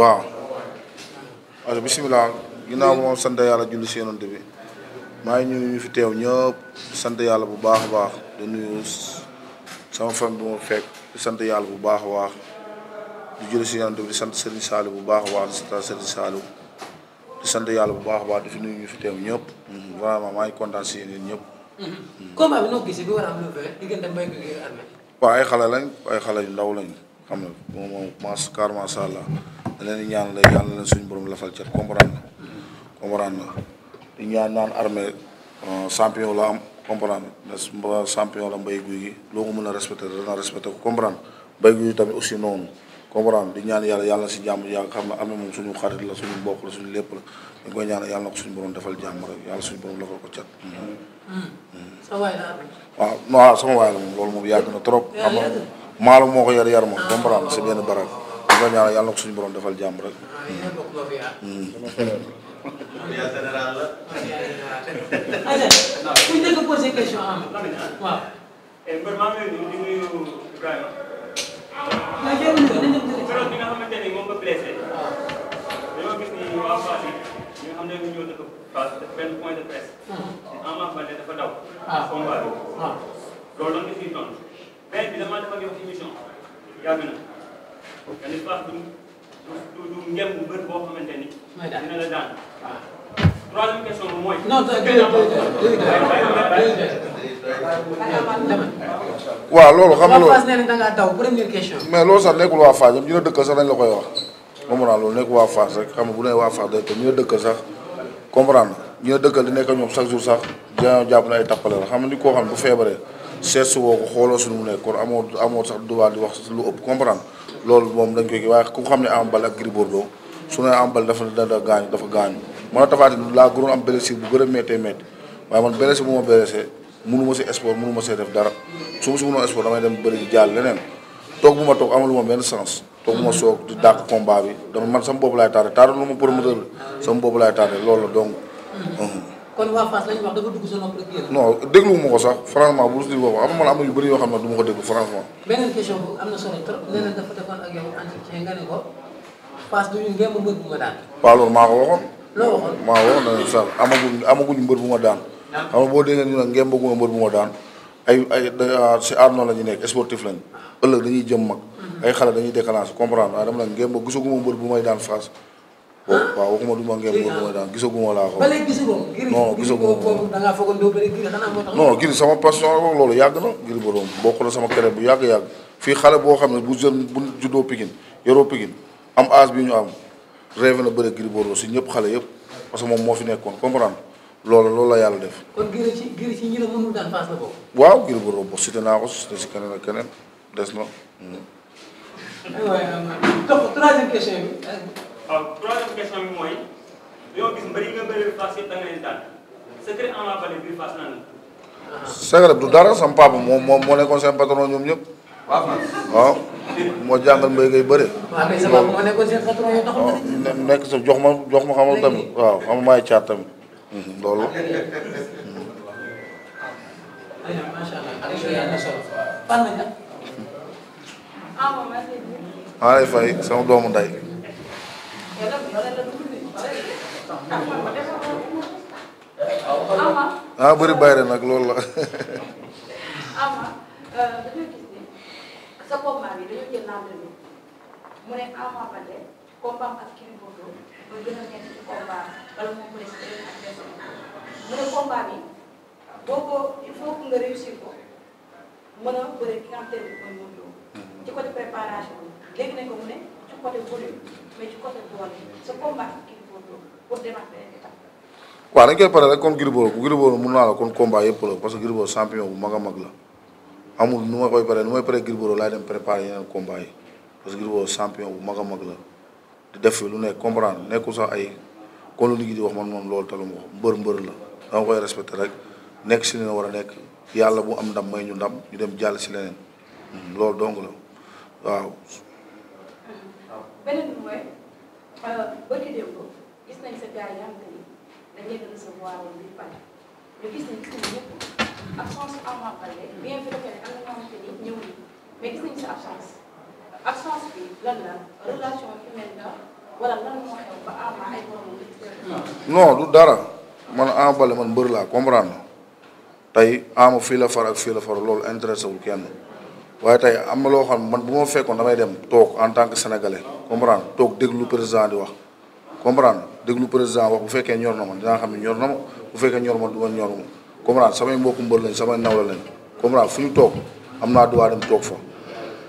waaw waaw bisimilah ginnaaw moom sant yàlla julli si yonante bi maa ngi ñu fi teew ñëpp sant yàlla bu baax a baax di nuyu sama fam bi ma fekk di sant yàlla bu baax a baax di julli si yonante bi sant Serigne Saliou bu baax a baax di sant Serigne Saliou di sant yàlla bu baax baax di fi nuyu ñu fi teew ñëpp mm-hmm. vraiment maa ngi si yéen ñëpp. Mm-hmm. combat ay xale lañ ay xale yu ndaw lañ xam nga moom moom macha allah. da leen ñaan la yàlla suñu borom lafal cat comprendre na comprendre na di ñaan naan armée euh, champion la am comprendre na champion la mbay guy loo ko mën a respecté dana respecté ko comprendre mbay guy tamit aussi di ñaan yàlla yàlla si jàmm yàlla xam ne armée moom suñu xarit la suñu mbokk la suñu lépp la dañ ñaan yàlla ko suñu borom defal jàmm rek yàlla suñu borom lafal ko cat waaw non ah, sama waay la moom loolu moom yàgg na trop xam nga maalo moo ko yar yar moom comprendre si benn barak ko ñaanal yàlla na ko suñu borom defal jàmm rek. waaw. loolu la nga siy tontu benn bi damaa def ak yow émission yàgg na. nga ne ah. loolu xam nga loolu na sax nekkul waa Fass ñoom ñu ne dëkkal sax dañ la koy wax. moom naa loolu nekkul waa Fass rek xam nga bu ne waa Fass day ko ñu ne dëkkal sax comprendre ñu ne dëkkal di nekk ñoom chaque jour sax jaayoo jàpp na ay tappale la xam nga ni koo xam bu feebaree seet si woo ko xooloo suñu mu nekk kon amoo amoo sax du di wax lu ëpp comprendre loolu moom dañ koy waaye ku xam ne Ama Baldé ak Gris Bordeaux su ne Ama Baldé dafa dada gaañu dafa gaañu mën a Tapha laa gënoon am blessure bu gën a méttee métti waaye man blessure bu ma blessé mënu si sport mënu ma def dara su ma si mënoon sport damay dem bëri di jàll leneen toog bu ma toog amalu ma benn sens toog bu ma soog di dàq combat bi dama man sama bopp laay tardé tardé lu ma promoteur sama bopp laay tardé loolu la donc kon waa ko sax franchement bu dul wax am na am yu bëri yoo xam ne duma ko déglu franchement. beneen question bu am na solo trop nee dafa defoon ak yow mbër bu ma daan. waaw loolu maa ko waxoon. loo waxoon maa ko ne sax amaguñ daan. xam nga boo ne ngeen bëgguma mbër bu ma daan ay ay ah, si aar noonu la ñu nekk sportif lañu. ëllëg dañuy jëm mag. Mhm. ay xale dañuy déclencher comprendre waaye dama ne ngeen bëgg gisaguma mbër bu may daan Fass waaw waxuma du ma ngeen boobu ah. daan gisaguma laa ko. ba léegi gisaguma. non gisaguma sama passion la loolu yàgg na Gris Bordeaux bokk na sama keneen bu yàgg yàgg fii xale boo xam ne bu jeune bu juddoo Pikine am âge bi ñu am rêve na bëri Gris Bordeaux si ñëpp xale yëpp parce que moom moo fi nekkoon comprendre loolu loolu la yàlla def. kon Gris ci Gris ci boobu. waaw Gris Bordeaux boobu cité naa si keneen ak keneen des na. waaw troisième question du dara sama papa moom moom moo nekkoon seen patron ñoom ñëpp. moo jàngal mbéy kay sama moo nekkoon patron yi taxul bëri. nekk jox ma jox ma xamal tamit waaw xam maay caat tamit hmm, loolu. Ah, ah, macha allah. maa lay fay sama nday ah bëri bàyyi nag loolu la. Ama eh, dañoo gis ne sa combat bi dañoo jël lendemain mu ne Ama Baldé combat ak Gris Bordeaux ba gën a nekk ci combat wala moom mu ne mu ne combat bi boo ko il faut que nga réussir ko mën a bëre ki nga xam te ne mooy Modou Lô mm-hmm. ci côté préparation bi léegi nañ ko mu ne. côté volume mais ci côté doole sa combat dañ koy pare rek kon Gris Bordeaux ku Gris Bordeaux mun naa la kon combat yëpp la parce que Gris Bordeaux champion bu mag a mag la amul nu ma koy paree nu may paree Gris Bordeaux laay dem préparer yeneen combat yi parce que Gris Bordeaux champion bu mag a mag la def fi lu nekk comprendre nekkul sax ay kon lu nit ñi di wax man moom loolu taluma ko mbër mbër la dama koy respecté rek nekk si li nga war a nekk yàlla bu am ndam may ñu ndam ñu dem jàll si leneen hmm, loolu donk la waaw. beneen bi mooy euh, bëgg démb gis nañ sa gars yi am na ni dañ leen recevoir woon la relation humaine du dara man Ama Baldé man mbër laa comprendre tey Ama fii la far ak fii la far loolu intéressé wul kenn. waaye tey am na loo xam man bu ma fekkoon damay dem toog en tan que sénégalais comprendre toog déglu président di wax comprendre déglu président wax bu fekkee ñor na ma dinaa xam ne ñor na ma bu fekkee ñor ma du ma ñor ma comprendre samay mbokku mbër lañ samay nawla lañ comprendre fu ñu toog am naa droit dem toog fa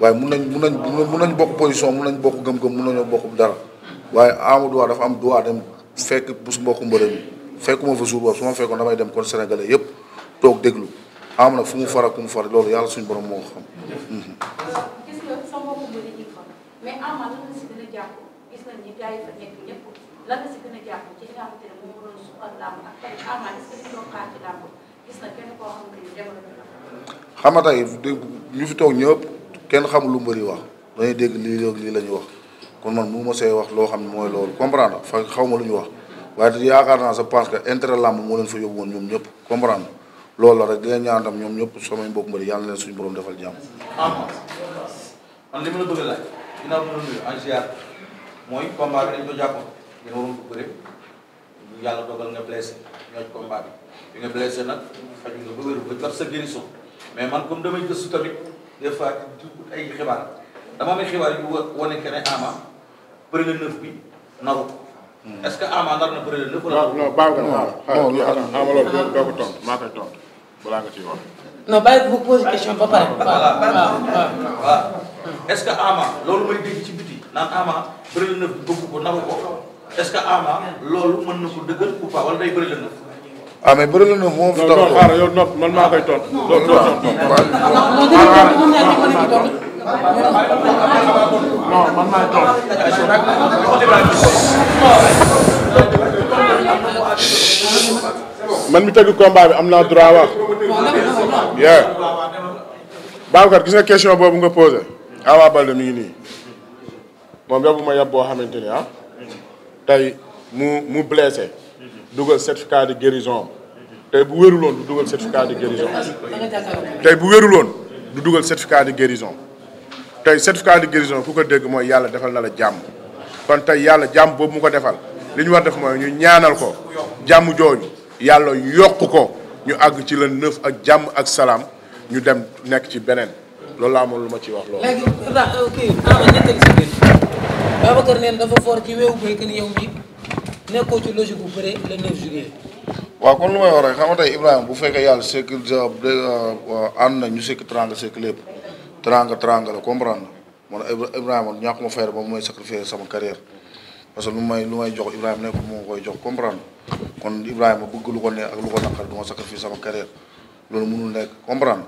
waaye mun nañ mun nañ nañ bokk position mun nañ bokk gëm-gëm mun nañoo bokk dara waaye Amadou Wa dafa am droit dem fekk bu su mbokku mbërëm fekkuma fa jour boobu su ma fekkoon damay dem kon sénégalais yëpp toog déglu am nag fu mu far ak fu mu yàlla suñu borom moo ko xam. gis nga sa mbokku mbir yi xam mais Ama lan la si gën a ni gars yi fa nekk la ñu fi toog ñëpp kenn xamul lu mbëri wax dañuy dégg lii ak wax kon man mënu ma see wax loo xam ne mooy loolu comprendre fa xaw ma lu ñu wax waaye te yaakaar naa je pense que intérêt làmb moo leen fa yóbbu woon ñoom ñëpp comprendre loolu la rek di leen ñaan tam ñoom ñëpp samay mbokk mbëri yàlla na leen suñu borom defal jàmm. man li ma la bëgg a mooy combat bi nga blessé ñoo nga blessé nag faju nga ba wér mais man comme damay gëstu tamit des fois ci ay xibaar dama amee wane que ne Ama bëri na neuf bi naru hmm. est-ce que Ama nar na tontu. balaa nga ciy wax. non bàyyi bu posé question ba pare. voilà waaw est-ce que Ama loolu may dégg ci biti naan Ama bëri na bëgg ko naru ko est-ce que Ama loolu mën na ko dëggal ou pas wala day bëri la nëb. ah mais bëri na nëb moom fi tontu non non xaaral yow noot man maa koy tontu. Ah, loolu tontu tontu non man maa tontu. man mi tegu combat bi am naa droit wax. bien Babacar gis nga question boobu nga posé Ama Baldé mi ngi nii moom yóbbu ma yab boo xamante ni ah tey mu mu blessé dugal certificat de guérison tey bu wéruloon du dugal certificat de guérison tey bu wéruloon du dugal certificat de guérison tey certificat de guérison ku ko dégg mooy yàlla defal na la jàmm kon tey yàlla jàmm boobu mu ko defal li ñu war def mooy ñu ñaanal ko jàmm jooju yàlla yokk ko ñu àgg ci le neuf ak jàmm ak salaam ñu dem nekk ci beneen loolu laa amoon lu ma ci wax loolu. léegi kii ah, nekkoo ci logique bu bëree le 9 juillet. waaw kon lu may wax rek xam Ibrahima bu fekkee yàlla sécurité euh, ànd na ñu sekk trang sekk lépp trang trang la comprendre man Ibrahima ñàkkuma fayda ba mu may sacrifier sama carrière. parce que lu may lu may jox Ibrahima nekkul moo koy jox comprendre kon Ibrahima bëgg lu ko neex ak lu ko naqar du ma sacrifice sama carrière loolu mënul nekk comprendre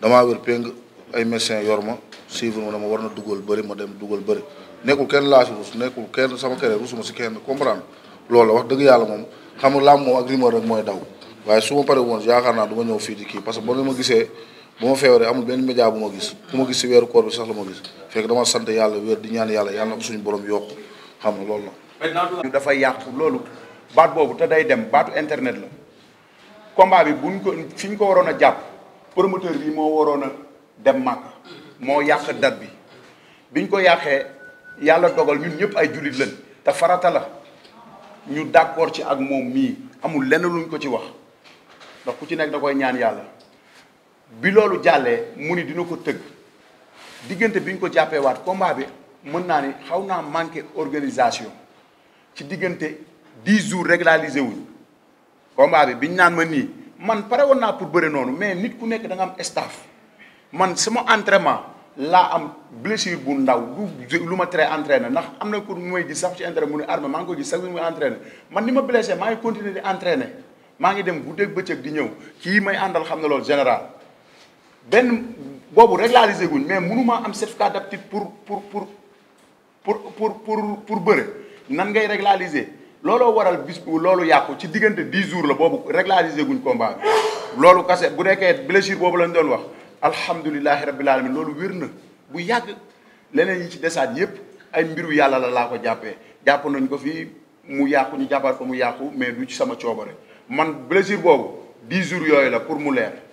damaa wér péng ay médecins yor ma suivre ma war na dugal bëri ma dem dugal bëri nekkul kenn laa si rus nekkul kenn sama si kenn comprendre loolu wax dëgg yàlla moom xam nga laam moom ak rumeur rek mooy daw waaye su ma pare woon di kii parce que ba ma gisee ba média bu ma gis ku ma gis si weeru koor ma gis fekk dama sant yàlla wér di ñaan yàlla yàlla na ko suñu borom yokku xam nga loolu la. dafa yàqu loolu baat boobu te day dem baatu internet la combat bi buñ ko fi ñu ko waroon a jàpp promoteur bii moo waroon a dem màkk moo yàq date bi biñ ko yàqee yàlla dogal ñun ñëpp ay jullit lañ te farata la ñu d'accord ci ak moom mii amul lenn luñ ko ci wax ndax ku ci nekk da koy ñaan yàlla bi loolu jàllee mu ni dina ko tëgg diggante bi ñu ko jàppee waat combat bi. mën naa ni xaw naa manqué organisation ci diggante dix jours régularisé wuñ combat bi biñ naan ma nii man pare woon pour bëre noonu mais nit ku nekk da nga am staff man sama entraînement laa am blessure bu ndaw du lu ma tere entraîné ndax amna na kur di sax ci entraîné mu ne armé maa ko di sax mu entraîné man ni ma blessé maa ngi continuer di entraîner maa ngi dem goudé bëccëg di ñëw kii may andal xam na loolu général ben bobu régularisé guñ mais mënuma am certificat d'aptitude pour pour pour pour pour pour pour beure nan ngay régulariser lolo waral bis bu loolu yàqu ci diggante 10 jours la bobu régulariser guñ combat lolo kasse bu nekkee blessure bobu lañ doon wax alhamdulilahi rabbil alamin lolo wér bu yag leneen yi ci desaat yëpp ay mbiru yalla la la ko jappé jàpp nañ ko fi mu yakku ñu jabar ko mu yakku mais du ci sama coobare man blessure bobu 10 jours yoy la pour mu lèr